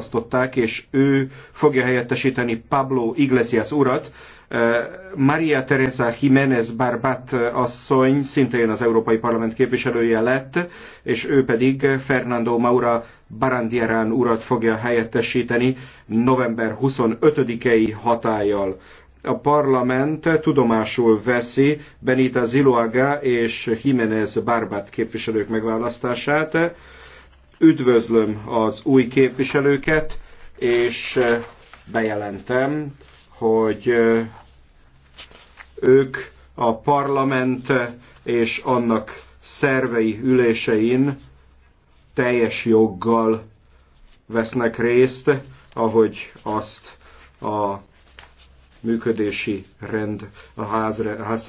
választották, és ő fogja helyettesíteni Pablo Iglesias urat. Eh, Maria Teresa Jiménez Barbat asszony szintén az Európai Parlament képviselője lett, és ő pedig Fernando Maura Barandierán urat fogja helyettesíteni november 25-i hatállyal a parlament tudomásul veszi Benita Ziloaga és Jiménez Barbat képviselők megválasztását, Üdvözlöm az új képviselőket, és bejelentem, hogy ők a parlament és annak szervei ülésein teljes joggal vesznek részt, ahogy azt a működési rend, a házre,